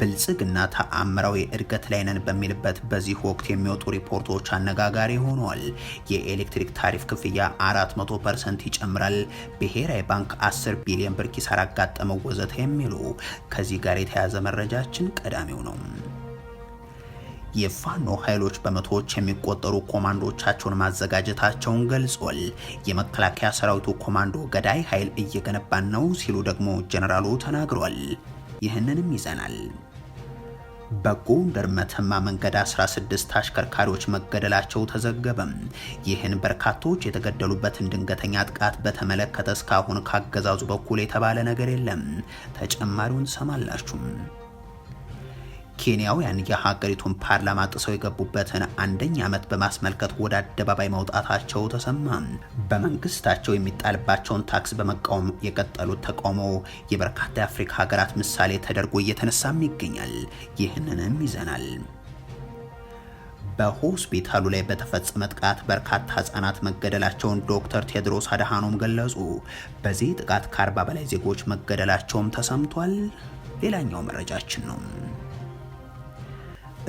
ብልጽግና ተአምራዊ እድገት ላይ ነን በሚልበት በዚህ ወቅት የሚወጡ ሪፖርቶች አነጋጋሪ ሆነዋል። የኤሌክትሪክ ታሪፍ ክፍያ 400 ፐርሰንት ይጨምራል፣ ብሔራዊ ባንክ 10 ቢሊዮን ብር ኪሳራ አጋጠመው፣ ወዘተ የሚሉ ከዚህ ጋር የተያያዘ መረጃችን ቀዳሚው ነው። የፋኖ ኃይሎች በመቶዎች የሚቆጠሩ ኮማንዶቻቸውን ማዘጋጀታቸውን ገልጿል። የመከላከያ ሰራዊቱ ኮማንዶ ገዳይ ኃይል እየገነባን ነው ሲሉ ደግሞ ጀነራሉ ተናግሯል። ይህንንም ይዘናል። በጎንደር መተማ መንገድ 16 አሽከርካሪዎች መገደላቸው ተዘገበም። ይህን በርካቶች የተገደሉበትን ድንገተኛ ጥቃት በተመለከተ እስካሁን ካገዛዙ በኩል የተባለ ነገር የለም። ተጨማሪውን ሰማላችሁ። ኬንያውያን የሀገሪቱን ፓርላማ ጥሰው የገቡበትን አንደኛ ዓመት በማስመልከት ወደ አደባባይ መውጣታቸው ተሰማ። በመንግስታቸው የሚጣልባቸውን ታክስ በመቃወም የቀጠሉት ተቃውሞ የበርካታ የአፍሪካ ሀገራት ምሳሌ ተደርጎ እየተነሳም ይገኛል። ይህንንም ይዘናል። በሆስፒታሉ ላይ በተፈጸመ ጥቃት በርካታ ህጻናት መገደላቸውን ዶክተር ቴድሮስ አድሃኖም ገለጹ። በዚህ ጥቃት ከአርባ በላይ ዜጎች መገደላቸውም ተሰምቷል። ሌላኛው መረጃችን ነው።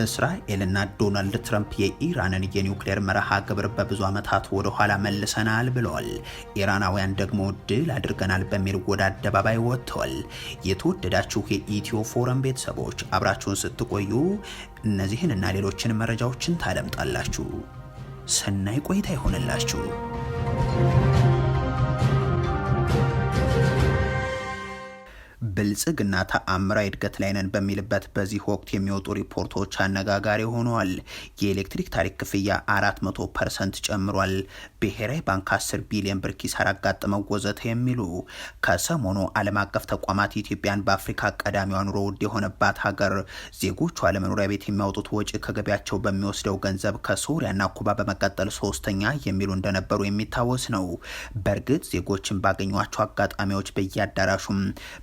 እስራኤልና ዶናልድ ትራምፕ የኢራንን የኒውክሌር መርሃ ግብር በብዙ ዓመታት ወደ ኋላ መልሰናል ብለዋል። ኢራናውያን ደግሞ ድል አድርገናል በሚል ወደ አደባባይ ወጥተዋል። የተወደዳችሁ የኢትዮ ፎረም ቤተሰቦች አብራችሁን ስትቆዩ እነዚህን እና ሌሎችን መረጃዎችን ታደምጣላችሁ። ሰናይ ቆይታ ይሆንላችሁ። ብልጽግና ተአምራዊ እድገት ላይ ነን በሚልበት በዚህ ወቅት የሚወጡ ሪፖርቶች አነጋጋሪ ሆነዋል። የኤሌክትሪክ ታሪክ ክፍያ 400 ፐርሰንት ጨምሯል፣ ብሔራዊ ባንክ 10 ቢሊዮን ብር ኪሳራ አጋጥመው ወዘተ የሚሉ ከሰሞኑ ዓለም አቀፍ ተቋማት ኢትዮጵያን በአፍሪካ ቀዳሚዋ ኑሮ ውድ የሆነባት ሀገር ዜጎቹ ለመኖሪያ ቤት የሚያወጡት ወጪ ከገቢያቸው በሚወስደው ገንዘብ ከሶሪያና ኩባ በመቀጠል ሶስተኛ የሚሉ እንደነበሩ የሚታወስ ነው። በእርግጥ ዜጎችን ባገኟቸው አጋጣሚዎች በየአዳራሹም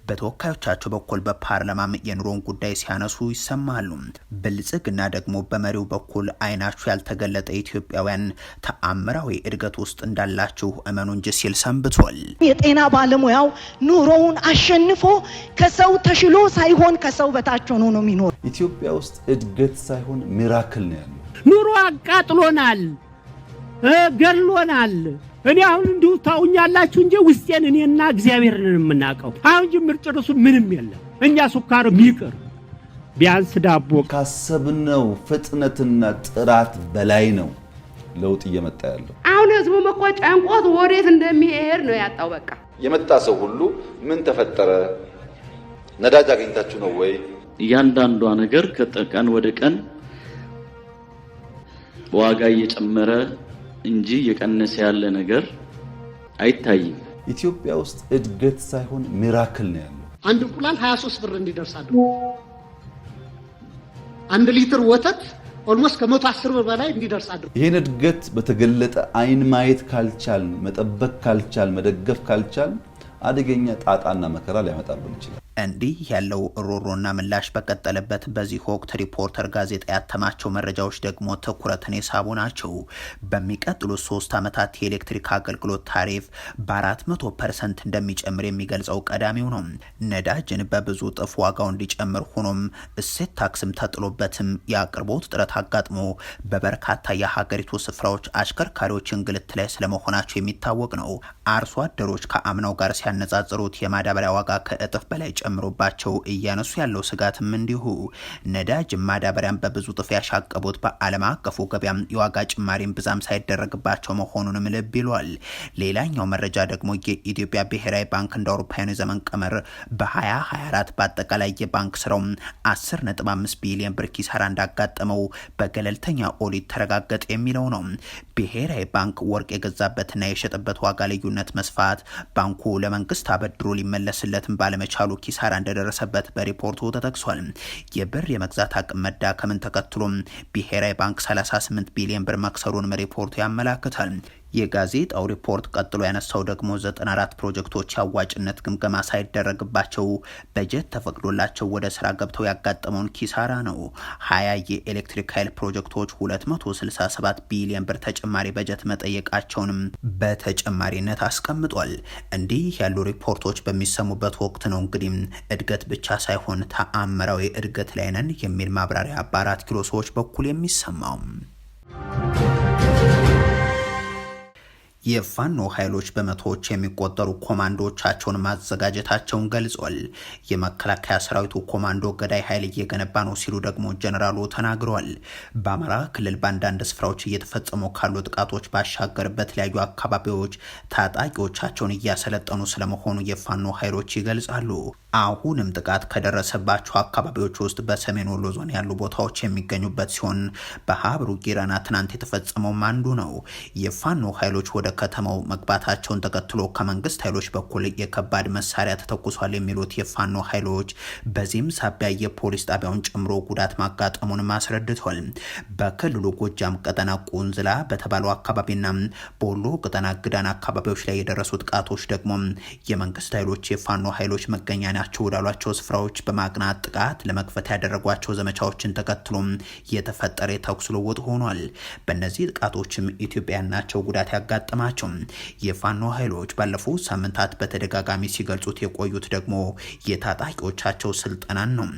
በተወካ ተወካዮቻቸው በኩል በፓርላማም የኑሮን ጉዳይ ሲያነሱ ይሰማሉ። ብልጽግና ደግሞ በመሪው በኩል አይናችሁ ያልተገለጠ ኢትዮጵያውያን ተአምራዊ እድገት ውስጥ እንዳላችሁ እመኑ እንጂ ሲል ሰንብቷል። የጤና ባለሙያው ኑሮውን አሸንፎ ከሰው ተሽሎ ሳይሆን ከሰው በታች ሆኖ ነው የሚኖር። ኢትዮጵያ ውስጥ እድገት ሳይሆን ሚራክል ነው ያለው። ኑሮ አቃጥሎናል፣ ገድሎናል። እኔ አሁን እንዲሁ ታውኛላችሁ እንጂ ውስጤን እኔና እግዚአብሔርን የምናውቀው። አሁን ጅምር ጭርሱ ምንም የለም። እኛ ሱካር ይቅር ቢያንስ ዳቦ ካሰብነው ፍጥነትና ጥራት በላይ ነው ለውጥ እየመጣ ያለው። አሁን ህዝቡ እኮ ጨንቆት ወዴት እንደሚሄድ ነው ያጣው። በቃ የመጣ ሰው ሁሉ ምን ተፈጠረ፣ ነዳጅ አገኝታችሁ ነው ወይ? እያንዳንዷ ነገር ከቀን ወደ ቀን ዋጋ እየጨመረ እንጂ የቀነሰ ያለ ነገር አይታይም። ኢትዮጵያ ውስጥ እድገት ሳይሆን ሚራክል ነው ያለው። አንድ እንቁላል 23 ብር እንዲደርስ አንድ ሊትር ወተት ኦልሞስት ከመቶ አስር ብር በላይ እንዲደርስ ይህን እድገት በተገለጠ አይን ማየት ካልቻል፣ መጠበቅ ካልቻል፣ መደገፍ ካልቻል አደገኛ ጣጣና መከራ ሊያመጣብን ይችላል። እንዲህ ያለው ሮሮና ምላሽ በቀጠለበት በዚህ ወቅት ሪፖርተር ጋዜጣ ያተማቸው መረጃዎች ደግሞ ትኩረትን የሳቡ ናቸው። በሚቀጥሉት ሶስት ዓመታት የኤሌክትሪክ አገልግሎት ታሪፍ በአራት መቶ ፐርሰንት እንደሚጨምር የሚገልጸው ቀዳሚው ነው። ነዳጅን በብዙ እጥፍ ዋጋው እንዲጨምር ሆኖም እሴት ታክስም ተጥሎበትም የአቅርቦት እጥረት አጋጥሞ በበርካታ የሀገሪቱ ስፍራዎች አሽከርካሪዎች እንግልት ላይ ስለመሆናቸው የሚታወቅ ነው። አርሶ አደሮች ከአምናው ጋር ሲያነጻጽሩት የማዳበሪያ ዋጋ ከእጥፍ በላይ ጨምሮባቸው እያነሱ ያለው ስጋትም እንዲሁ ነዳጅ ማዳበሪያን በብዙ ጥፍ ያሻቀቡት በዓለም አቀፉ ገበያም የዋጋ ጭማሪን ብዛም ሳይደረግባቸው መሆኑንም ልብ ይሏል። ሌላኛው መረጃ ደግሞ የኢትዮጵያ ብሔራዊ ባንክ እንደ አውሮፓውያኑ የዘመን ቀመር በ2024 በአጠቃላይ የባንክ ስራው 10.5 ቢሊዮን ብር ኪሳራ እንዳጋጠመው በገለልተኛ ኦዲት ተረጋገጠ የሚለው ነው። ብሔራዊ ባንክ ወርቅ የገዛበትና የሸጠበት ዋጋ ልዩነት መስፋት ባንኩ ለመንግስት አበድሮ ሊመለስለትም ባለመቻሉ ኪስ ኪሳራ እንደደረሰበት በሪፖርቱ ተጠቅሷል። የብር የመግዛት አቅም መዳከምን ተከትሎም ብሔራዊ ባንክ 38 ቢሊዮን ብር መክሰሩንም ሪፖርቱ ያመላክታል። የጋዜጣው ሪፖርት ቀጥሎ ያነሳው ደግሞ 94 ፕሮጀክቶች አዋጭነት ግምገማ ሳይደረግባቸው በጀት ተፈቅዶላቸው ወደ ስራ ገብተው ያጋጠመውን ኪሳራ ነው። 20 የኤሌክትሪክ ኃይል ፕሮጀክቶች 267 ቢሊዮን ብር ተጨማሪ በጀት መጠየቃቸውንም በተጨማሪነት አስቀምጧል። እንዲህ ያሉ ሪፖርቶች በሚሰሙበት ወቅት ነው እንግዲህ እድገት ብቻ ሳይሆን ተአምራዊ እድገት ላይ ነን የሚል ማብራሪያ በአራት ኪሎ ሰዎች በኩል የሚሰማው የፋኖ ኃይሎች በመቶዎች የሚቆጠሩ ኮማንዶዎቻቸውን ማዘጋጀታቸውን ገልጿል። የመከላከያ ሰራዊቱ ኮማንዶ ገዳይ ኃይል እየገነባ ነው ሲሉ ደግሞ ጀነራሉ ተናግረዋል። በአማራ ክልል በአንዳንድ ስፍራዎች እየተፈጸሙ ካሉ ጥቃቶች ባሻገር በተለያዩ አካባቢዎች ታጣቂዎቻቸውን እያሰለጠኑ ስለመሆኑ የፋኖ ኃይሎች ይገልጻሉ። አሁንም ጥቃት ከደረሰባቸው አካባቢዎች ውስጥ በሰሜን ወሎ ዞን ያሉ ቦታዎች የሚገኙበት ሲሆን በሀብሩ ጊራና ትናንት የተፈጸመውም አንዱ ነው። የፋኖ ኃይሎች ወደ ከተማው መግባታቸውን ተከትሎ ከመንግስት ኃይሎች በኩል የከባድ መሳሪያ ተተኩሷል የሚሉት የፋኖ ኃይሎች በዚህም ሳቢያ የፖሊስ ጣቢያውን ጨምሮ ጉዳት ማጋጠሙን አስረድቷል። በክልሉ ጎጃም ቀጠና ቁንዝላ በተባለው አካባቢና በወሎ ቀጠና ግዳን አካባቢዎች ላይ የደረሱ ጥቃቶች ደግሞ የመንግስት ኃይሎች የፋኖ ኃይሎች መገኛ ናቸው ወዳሏቸው ስፍራዎች በማቅናት ጥቃት ለመክፈት ያደረጓቸው ዘመቻዎችን ተከትሎ የተፈጠረ የተኩስ ልውውጥ ሆኗል። በእነዚህ ጥቃቶችም ኢትዮጵያ ናቸው ጉዳት ያጋጥማል። ናቸው። የፋኖ ኃይሎች ባለፉት ሳምንታት በተደጋጋሚ ሲገልጹት የቆዩት ደግሞ የታጣቂዎቻቸው ስልጠናን ነው።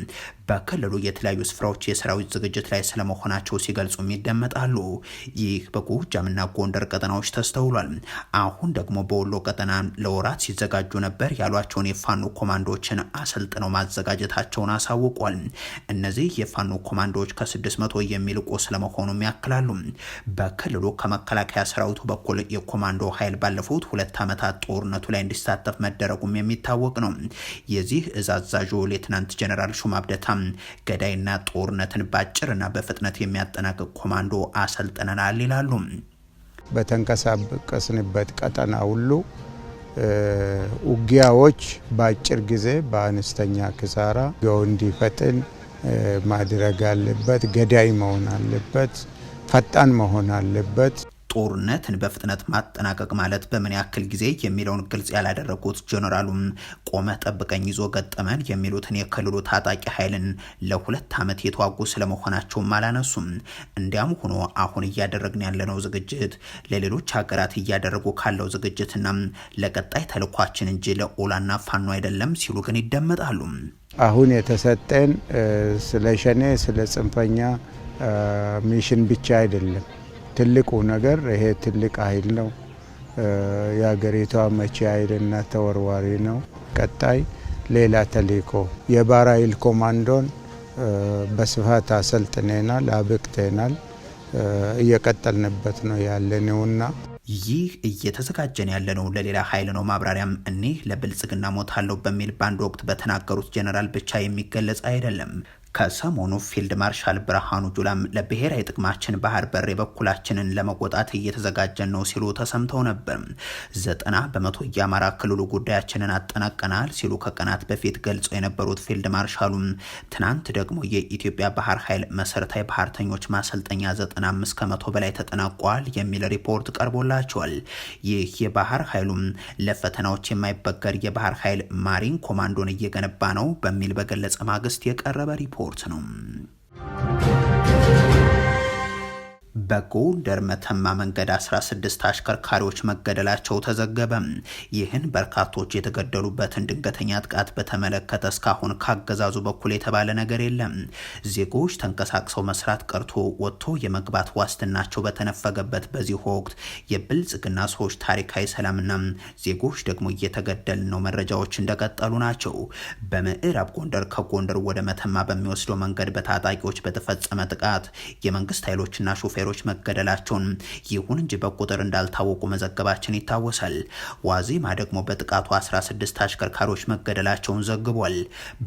በክልሉ የተለያዩ ስፍራዎች የሰራዊት ዝግጅት ላይ ስለመሆናቸው ሲገልጹም ይደመጣሉ። ይህ በጎጃምና ጎንደር ቀጠናዎች ተስተውሏል። አሁን ደግሞ በወሎ ቀጠና ለወራት ሲዘጋጁ ነበር ያሏቸውን የፋኖ ኮማንዶዎችን አሰልጥነው ማዘጋጀታቸውን አሳውቋል። እነዚህ የፋኖ ኮማንዶዎች ከስድስት መቶ የሚልቁ ስለመሆኑም ያክላሉ። በክልሉ ከመከላከያ ሰራዊቱ በኩል የኮማንዶ ኃይል ባለፉት ሁለት ዓመታት ጦርነቱ ላይ እንዲሳተፍ መደረጉም የሚታወቅ ነው። የዚህ እዝ አዛዡ ሌትናንት ጀነራል ሹማ ብደታ ገዳይና ጦርነትን ባጭርና በፍጥነት የሚያጠናቅቅ ኮማንዶ አሰልጥነናል ይላሉ። በተንቀሳቀስንበት ቀጠና ሁሉ ውጊያዎች በአጭር ጊዜ በአነስተኛ ክሳራ ገው እንዲፈጥን ማድረግ አለበት። ገዳይ መሆን አለበት። ፈጣን መሆን አለበት። ጦርነትን በፍጥነት ማጠናቀቅ ማለት በምን ያክል ጊዜ የሚለውን ግልጽ ያላደረጉት ጀኔራሉም ቆመ ጠብቀኝ ይዞ ገጠመን የሚሉትን የክልሉ ታጣቂ ኃይልን ለሁለት ዓመት የተዋጉ ስለመሆናቸውም አላነሱም። እንዲያም ሆኖ አሁን እያደረግን ያለነው ዝግጅት ለሌሎች ሀገራት እያደረጉ ካለው ዝግጅትና ለቀጣይ ተልኳችን እንጂ ለኦላና ፋኖ አይደለም ሲሉ ግን ይደመጣሉ። አሁን የተሰጠን ስለ ሸኔ ስለ ጽንፈኛ ሚሽን ብቻ አይደለም ትልቁ ነገር ይሄ ትልቅ ኃይል ነው። የሀገሪቷ መቼ ኃይልና ተወርዋሪ ነው። ቀጣይ ሌላ ተልእኮ የባህር ኃይል ኮማንዶን በስፋት አሰልጥነናል፣ አብቅተናል። እየቀጠልንበት ነው ያለነውና ይህ እየተዘጋጀን ያለነው ለሌላ ኃይል ነው። ማብራሪያም እኒህ ለብልጽግና ሞታለሁ በሚል በአንድ ወቅት በተናገሩት ጀኔራል ብቻ የሚገለጽ አይደለም። ከሰሞኑ ፊልድ ማርሻል ብርሃኑ ጁላም ለብሔራዊ ጥቅማችን ባህር በር የበኩላችንን ለመወጣት እየተዘጋጀን ነው ሲሉ ተሰምተው ነበር። ዘጠና በመቶ የአማራ ክልሉ ጉዳያችንን አጠናቀናል ሲሉ ከቀናት በፊት ገልጸው የነበሩት ፊልድ ማርሻሉም ትናንት ደግሞ የኢትዮጵያ ባህር ኃይል መሰረታዊ ባህርተኞች ማሰልጠኛ 95 ከመቶ በላይ ተጠናቋል የሚል ሪፖርት ቀርቦላቸዋል። ይህ የባህር ኃይሉም ለፈተናዎች የማይበገር የባህር ኃይል ማሪን ኮማንዶን እየገነባ ነው በሚል በገለጸ ማግስት የቀረበ ሪፖርት ስፖርት ነው። በጎንደር መተማ መንገድ 16 አሽከርካሪዎች መገደላቸው ተዘገበ። ይህን በርካቶች የተገደሉበትን ድንገተኛ ጥቃት በተመለከተ እስካሁን ካገዛዙ በኩል የተባለ ነገር የለም። ዜጎች ተንቀሳቅሰው መስራት ቀርቶ ወጥቶ የመግባት ዋስትናቸው በተነፈገበት በዚህ ወቅት የብልጽግና ሰዎች ታሪካዊ ሰላምና ዜጎች ደግሞ እየተገደል ነው መረጃዎች እንደቀጠሉ ናቸው። በምዕራብ ጎንደር ከጎንደር ወደ መተማ በሚወስደው መንገድ በታጣቂዎች በተፈጸመ ጥቃት የመንግስት ኃይሎችና ሾፌሮች ወታደሮች መገደላቸውን ይሁን እንጂ በቁጥር እንዳልታወቁ መዘገባችን ይታወሳል። ዋዜማ ደግሞ በጥቃቱ 16 አሽከርካሪዎች መገደላቸውን ዘግቧል።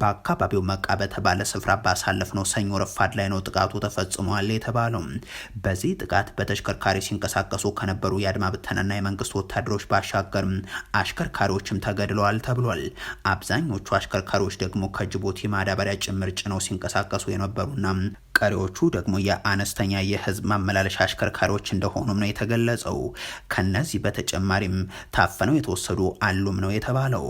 በአካባቢው መቃ በተባለ ስፍራ ባሳለፍነው ሰኞ ረፋድ ላይ ነው ጥቃቱ ተፈጽሟል የተባለው። በዚህ ጥቃት በተሽከርካሪ ሲንቀሳቀሱ ከነበሩ የአድማ ብተናና የመንግስት ወታደሮች ባሻገር አሽከርካሪዎችም ተገድለዋል ተብሏል። አብዛኞቹ አሽከርካሪዎች ደግሞ ከጅቡቲ ማዳበሪያ ጭምር ጭነው ሲንቀሳቀሱ የነበሩና ቀሪዎቹ ደግሞ የአነስተኛ የህዝብ ማመላለሻ አሽከርካሪዎች እንደሆኑም ነው የተገለጸው። ከነዚህ በተጨማሪም ታፍነው የተወሰዱ አሉም ነው የተባለው።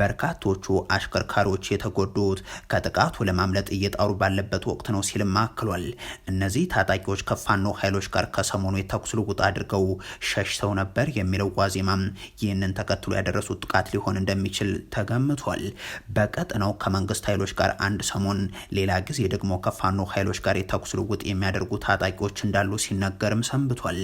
በርካቶቹ አሽከርካሪዎች የተጎዱት ከጥቃቱ ለማምለጥ እየጣሩ ባለበት ወቅት ነው ሲልም አክሏል። እነዚህ ታጣቂዎች ከፋኖ ኃይሎች ጋር ከሰሞኑ የተኩስ ልውውጥ አድርገው ሸሽተው ነበር የሚለው ዋዜማም ይህንን ተከትሎ ያደረሱት ጥቃት ሊሆን እንደሚችል ተገምቷል። በቀጥናው ከመንግስት ኃይሎች ጋር አንድ ሰሞን፣ ሌላ ጊዜ ደግሞ ከፋኖ ኃይሎች ጋር ጋር የተኩስ ልውውጥ የሚያደርጉ ታጣቂዎች እንዳሉ ሲነገርም ሰንብቷል።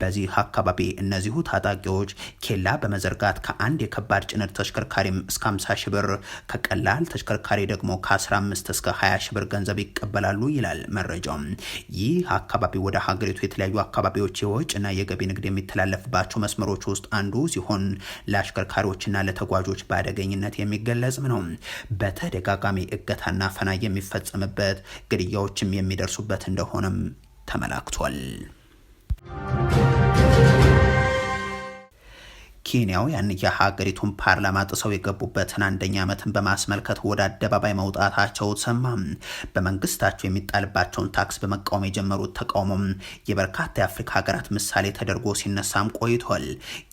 በዚህ አካባቢ እነዚሁ ታጣቂዎች ኬላ በመዘርጋት ከአንድ የከባድ ጭነት ተሽከርካሪም እስከ 50 ሺ ብር ከቀላል ተሽከርካሪ ደግሞ ከ15 እስከ 20 ሺ ብር ገንዘብ ይቀበላሉ ይላል መረጃው። ይህ አካባቢ ወደ ሀገሪቱ የተለያዩ አካባቢዎች እና የገቢ ንግድ የሚተላለፍባቸው መስመሮች ውስጥ አንዱ ሲሆን ለአሽከርካሪዎችና ለተጓዦች በአደገኝነት የሚገለጽም ነው። በተደጋጋሚ እገታና ፈና የሚፈጸምበት ግድያዎችም የሚደርሱበት እንደሆነም ተመላክቷል። ኬንያውያን የሀገሪቱን ፓርላማ ጥሰው የገቡበትን አንደኛ ዓመትን በማስመልከት ወደ አደባባይ መውጣታቸው ሰማ። በመንግስታቸው የሚጣልባቸውን ታክስ በመቃወም የጀመሩት ተቃውሞም የበርካታ የአፍሪካ ሀገራት ምሳሌ ተደርጎ ሲነሳም ቆይቷል።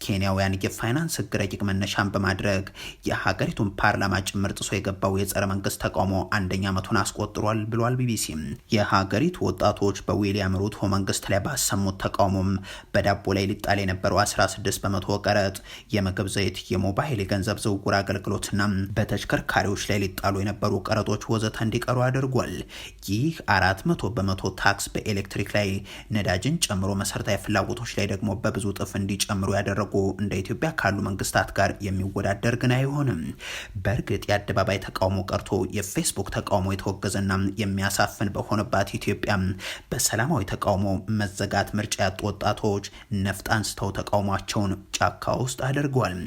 ኬንያውያን የፋይናንስ ህግ ረቂቅ መነሻን በማድረግ የሀገሪቱን ፓርላማ ጭምር ጥሶ የገባው የጸረ መንግስት ተቃውሞ አንደኛ ዓመቱን አስቆጥሯል ብሏል ቢቢሲ። የሀገሪቱ ወጣቶች በዊሊያም ሩቶ መንግስት ላይ ባሰሙት ተቃውሞም በዳቦ ላይ ሊጣል የነበረው 16 በመቶ ቀረጥ የምግብ ዘይት፣ የሞባይል የገንዘብ ዝውውር አገልግሎትና በተሽከርካሪዎች ላይ ሊጣሉ የነበሩ ቀረጦች ወዘተ እንዲቀሩ አድርጓል። ይህ አራት መቶ በመቶ ታክስ በኤሌክትሪክ ላይ ነዳጅን ጨምሮ መሰረታዊ ፍላጎቶች ላይ ደግሞ በብዙ ጥፍ እንዲጨምሩ ያደረጉ እንደ ኢትዮጵያ ካሉ መንግስታት ጋር የሚወዳደር ግን አይሆንም። በእርግጥ የአደባባይ ተቃውሞ ቀርቶ የፌስቡክ ተቃውሞ የተወገዘና የሚያሳፍን በሆነባት ኢትዮጵያ በሰላማዊ ተቃውሞ መዘጋት ምርጫ ያጡ ወጣቶች ነፍጥ አንስተው ተቃውሟቸውን ጫካ ውስጥ ውስጥ አድርጓል።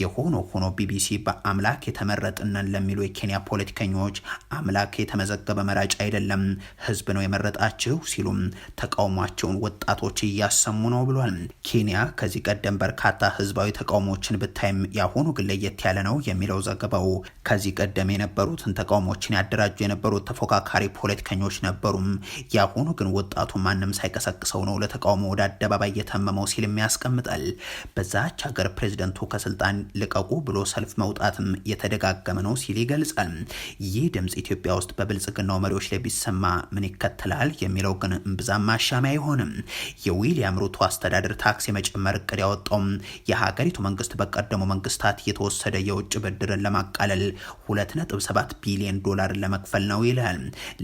የሆኖ ሆኖ ቢቢሲ በአምላክ የተመረጥነን ለሚሉ የኬንያ ፖለቲከኞች አምላክ የተመዘገበ መራጭ አይደለም፣ ህዝብ ነው የመረጣችሁ ሲሉም ተቃውሟቸውን ወጣቶች እያሰሙ ነው ብሏል። ኬንያ ከዚህ ቀደም በርካታ ህዝባዊ ተቃውሞችን ብታይም ያሁኑ ግን ለየት ያለ ነው የሚለው ዘገባው ከዚህ ቀደም የነበሩትን ተቃውሞችን ያደራጁ የነበሩት ተፎካካሪ ፖለቲከኞች ነበሩም። ያሁኑ ግን ወጣቱ ማንም ሳይቀሰቅሰው ነው ለተቃውሞ ወደ አደባባይ የተመመው ሲልም ያስቀምጣል። በዛች ሀገር ፕሬዝደንቱ ከስልጣን ልቀቁ ብሎ ሰልፍ መውጣትም የተደጋገመ ነው ሲል ይገልጻል። ይህ ድምፅ ኢትዮጵያ ውስጥ በብልጽግናው መሪዎች ላይ ቢሰማ ምን ይከተላል የሚለው ግን እምብዛም ማሻሚ አይሆንም። የዊልያም ሩቶ አስተዳደር ታክስ የመጨመር እቅድ ያወጣውም የሀገሪቱ መንግስት በቀደሙ መንግስታት የተወሰደ የውጭ ብድርን ለማቃለል 2.7 ቢሊዮን ዶላር ለመክፈል ነው ይላል።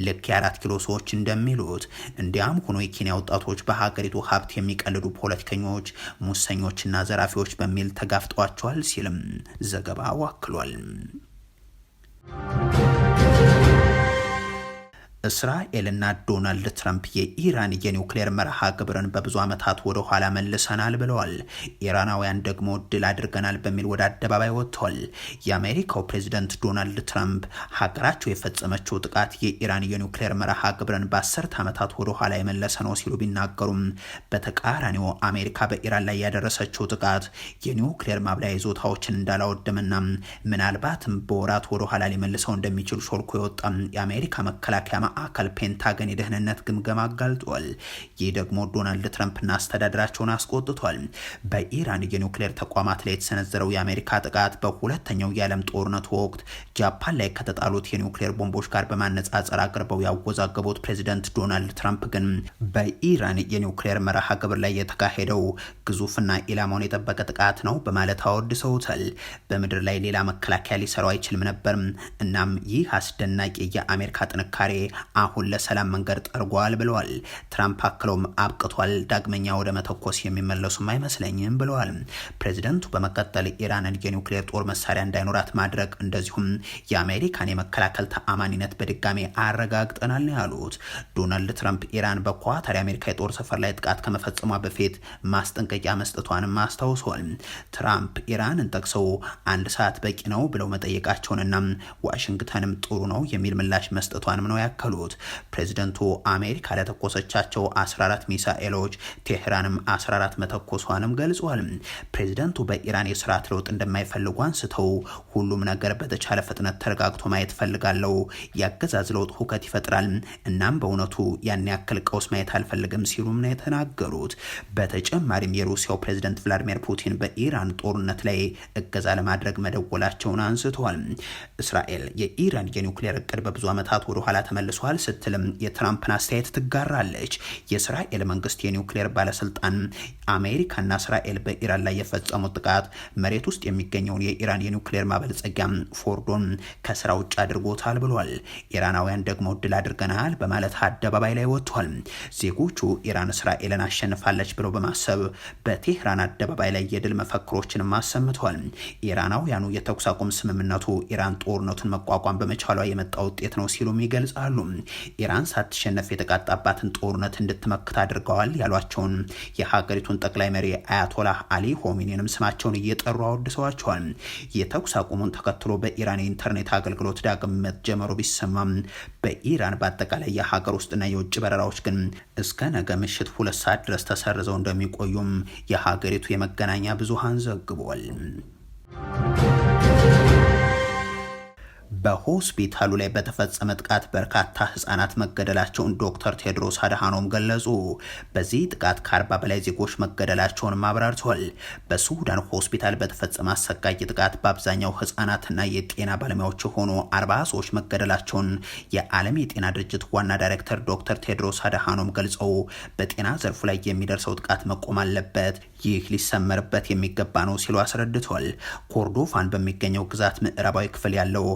ልክ የአራት ኪሎ ሰዎች እንደሚሉት እንዲያም ሆኖ የኬንያ ወጣቶች በሀገሪቱ ሀብት የሚቀልዱ ፖለቲከኞች፣ ሙሰኞችና ዘራፊዎች በሚል በሚል ተጋፍጧቸዋል ሲልም ዘገባው አክሏል። እስራኤልና ዶናልድ ትራምፕ የኢራን የኒውክሌር መርሃ ግብርን በብዙ ዓመታት ወደ ኋላ መልሰናል ብለዋል። ኢራናውያን ደግሞ ድል አድርገናል በሚል ወደ አደባባይ ወጥቷል። የአሜሪካው ፕሬዚደንት ዶናልድ ትራምፕ ሀገራቸው የፈጸመችው ጥቃት የኢራን የኒውክሌር መርሃ ግብርን በአስርት ዓመታት ወደ ኋላ የመለሰ ነው ሲሉ ቢናገሩም በተቃራኒው አሜሪካ በኢራን ላይ ያደረሰችው ጥቃት የኒውክሌር ማብለያ ይዞታዎችን እንዳላወደምና ምናልባትም በወራት ወደ ኋላ ሊመልሰው እንደሚችል ሾልኮ የወጣ የአሜሪካ መከላከያ ማዕከል ፔንታገን የደህንነት ግምገማ አጋልጧል። ይህ ደግሞ ዶናልድ ትረምፕና አስተዳደራቸውን አስቆጥቷል። በኢራን የኒውክሌር ተቋማት ላይ የተሰነዘረው የአሜሪካ ጥቃት በሁለተኛው የዓለም ጦርነት ወቅት ጃፓን ላይ ከተጣሉት የኒውክሌር ቦምቦች ጋር በማነጻጸር አቅርበው ያወዛገቡት ፕሬዚደንት ዶናልድ ትራምፕ ግን በኢራን የኒውክሌር መርሃ ግብር ላይ የተካሄደው ግዙፍና ኢላማውን የጠበቀ ጥቃት ነው በማለት አወድሰውታል። በምድር ላይ ሌላ መከላከያ ሊሰራው አይችልም ነበር። እናም ይህ አስደናቂ የአሜሪካ ጥንካሬ አሁን ለሰላም መንገድ ጠርጓል ብለዋል። ትራምፕ አክለውም አብቅቷል፣ ዳግመኛ ወደ መተኮስ የሚመለሱም አይመስለኝም ብለዋል። ፕሬዚደንቱ በመቀጠል ኢራንን የኒውክሌር ጦር መሳሪያ እንዳይኖራት ማድረግ እንደዚሁም የአሜሪካን የመከላከል ተአማኒነት በድጋሜ አረጋግጠናል ነው ያሉት። ዶናልድ ትራምፕ ኢራን በኳታር የአሜሪካ የጦር ሰፈር ላይ ጥቃት ከመፈጸሟ በፊት ማስጠንቀቂያ መስጠቷንም አስታውሰዋል። ትራምፕ ኢራንን ጠቅሰው አንድ ሰዓት በቂ ነው ብለው መጠየቃቸውንና ዋሽንግተንም ጥሩ ነው የሚል ምላሽ መስጠቷንም ነው ያከሉ ያሉት ፕሬዚደንቱ አሜሪካ ለተኮሰቻቸው 14 ሚሳኤሎች ቴህራንም 14 መተኮሷንም ገልጿል። ፕሬዚደንቱ በኢራን የስርዓት ለውጥ እንደማይፈልጉ አንስተው ሁሉም ነገር በተቻለ ፍጥነት ተረጋግቶ ማየት ፈልጋለው። ያገዛዝ ለውጥ ሁከት ይፈጥራል። እናም በእውነቱ ያን ያክል ቀውስ ማየት አልፈልግም ሲሉም ነው የተናገሩት። በተጨማሪም የሩሲያው ፕሬዚደንት ቭላዲሚር ፑቲን በኢራን ጦርነት ላይ እገዛ ለማድረግ መደወላቸውን አንስተዋል። እስራኤል የኢራን የኒውክሌር እቅድ በብዙ ዓመታት ወደ ኋላ ተመልሶ ደርሷል ስትልም የትራምፕን አስተያየት ትጋራለች። የእስራኤል መንግስት የኒውክሌር ባለስልጣን አሜሪካና እስራኤል በኢራን ላይ የፈጸሙት ጥቃት መሬት ውስጥ የሚገኘውን የኢራን የኒውክሌር ማበልጸጊያ ፎርዶን ከስራ ውጭ አድርጎታል ብሏል። ኢራናውያን ደግሞ ድል አድርገናል በማለት አደባባይ ላይ ወጥቷል። ዜጎቹ ኢራን እስራኤልን አሸንፋለች ብለው በማሰብ በቴህራን አደባባይ ላይ የድል መፈክሮችንም አሰምተዋል። ኢራናውያኑ የተኩስ አቁም ስምምነቱ ኢራን ጦርነቱን መቋቋም በመቻሏ የመጣ ውጤት ነው ሲሉም ይገልጻሉ። ኢራን ሳትሸነፍ የተቃጣባትን ጦርነት እንድትመክት አድርገዋል ያሏቸውን የሀገሪቱን ጠቅላይ መሪ አያቶላህ አሊ ሆሚኒንም ስማቸውን እየጠሩ አወድሰዋቸዋል። የተኩስ አቁሙን ተከትሎ በኢራን የኢንተርኔት አገልግሎት ዳግም መጀመሩ ቢሰማም በኢራን በአጠቃላይ የሀገር ውስጥና የውጭ በረራዎች ግን እስከ ነገ ምሽት ሁለት ሰዓት ድረስ ተሰርዘው እንደሚቆዩም የሀገሪቱ የመገናኛ ብዙሃን ዘግቧል። በሆስፒታሉ ላይ በተፈጸመ ጥቃት በርካታ ህጻናት መገደላቸውን ዶክተር ቴድሮስ አድሃኖም ገለጹ። በዚህ ጥቃት ከአርባ በላይ ዜጎች መገደላቸውንም አብራርተዋል። በሱዳን ሆስፒታል በተፈጸመ አሰቃቂ ጥቃት በአብዛኛው ህጻናትና የጤና ባለሙያዎች የሆኑ አርባ ሰዎች መገደላቸውን የዓለም የጤና ድርጅት ዋና ዳይሬክተር ዶክተር ቴድሮስ አድሃኖም ገልጸው በጤና ዘርፉ ላይ የሚደርሰው ጥቃት መቆም አለበት፣ ይህ ሊሰመርበት የሚገባ ነው ሲሉ አስረድቷል። ኮርዶፋን በሚገኘው ግዛት ምዕራባዊ ክፍል ያለው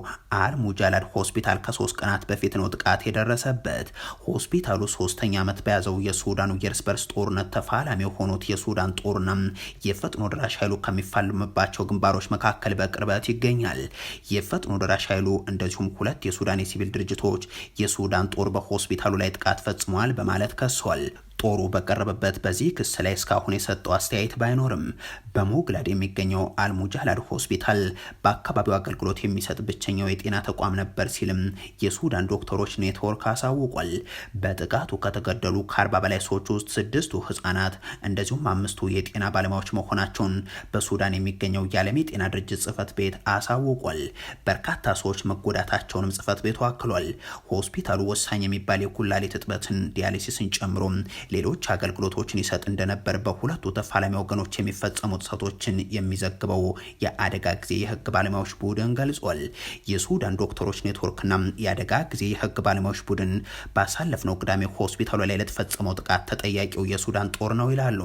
አልሙጃላድ ሆስፒታል ከሶስት ቀናት በፊት ነው ጥቃት የደረሰበት። ሆስፒታሉ ሶስተኛ ዓመት በያዘው የሱዳኑ የእርስ በርስ ጦርነት ተፋላሚ የሆኑት የሱዳን ጦርና የፈጥኖ ደራሽ ኃይሉ ከሚፋልምባቸው ግንባሮች መካከል በቅርበት ይገኛል። የፈጥኖ ደራሽ ኃይሉ እንደዚሁም ሁለት የሱዳን የሲቪል ድርጅቶች የሱዳን ጦር በሆስፒታሉ ላይ ጥቃት ፈጽመዋል በማለት ከሷል። ጦሩ በቀረበበት በዚህ ክስ ላይ እስካሁን የሰጠው አስተያየት ባይኖርም በሞግላድ የሚገኘው አልሙጃላድ ሆስፒታል በአካባቢው አገልግሎት የሚሰጥ ብቸኛው የጤና ተቋም ነበር ሲልም የሱዳን ዶክተሮች ኔትወርክ አሳውቋል። በጥቃቱ ከተገደሉ ከአርባ በላይ ሰዎች ውስጥ ስድስቱ ህጻናት እንደዚሁም አምስቱ የጤና ባለሙያዎች መሆናቸውን በሱዳን የሚገኘው የዓለም የጤና ድርጅት ጽህፈት ቤት አሳውቋል። በርካታ ሰዎች መጎዳታቸውንም ጽህፈት ቤቱ አክሏል። ሆስፒታሉ ወሳኝ የሚባል የኩላሊት እጥበትን ዲያሊሲስን ጨምሮ ሌሎች አገልግሎቶችን ይሰጥ እንደነበር በሁለቱ ተፋላሚ ወገኖች የሚፈጸሙ ጥሰቶችን የሚዘግበው የአደጋ ጊዜ የህግ ባለሙያዎች ቡድን ገልጿል። የሱዳን ዶክተሮች ኔትወርክና የአደጋ ጊዜ የህግ ባለሙያዎች ቡድን ባሳለፍነው ቅዳሜ ሆስፒታሉ ላይ ለተፈጸመው ጥቃት ተጠያቂው የሱዳን ጦር ነው ይላሉ።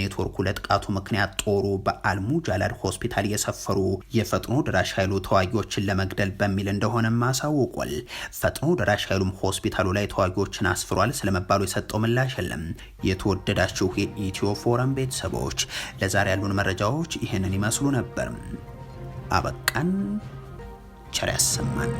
ኔትወርኩ ለጥቃቱ ምክንያት ጦሩ በአልሙጃላድ ሆስፒታል የሰፈሩ የፈጥኖ ደራሽ ኃይሉ ተዋጊዎችን ለመግደል በሚል እንደሆነም አሳውቋል። ፈጥኖ ደራሽ ኃይሉም ሆስፒታሉ ላይ ተዋጊዎችን አስፍሯል ስለመባሉ የሰጠው ምላሽ የለም። አይደለም። የተወደዳችሁ የኢትዮ ፎረም ቤተሰቦች ለዛሬ ያሉን መረጃዎች ይህንን ይመስሉ ነበር። አበቃን። ቸር ያሰማን።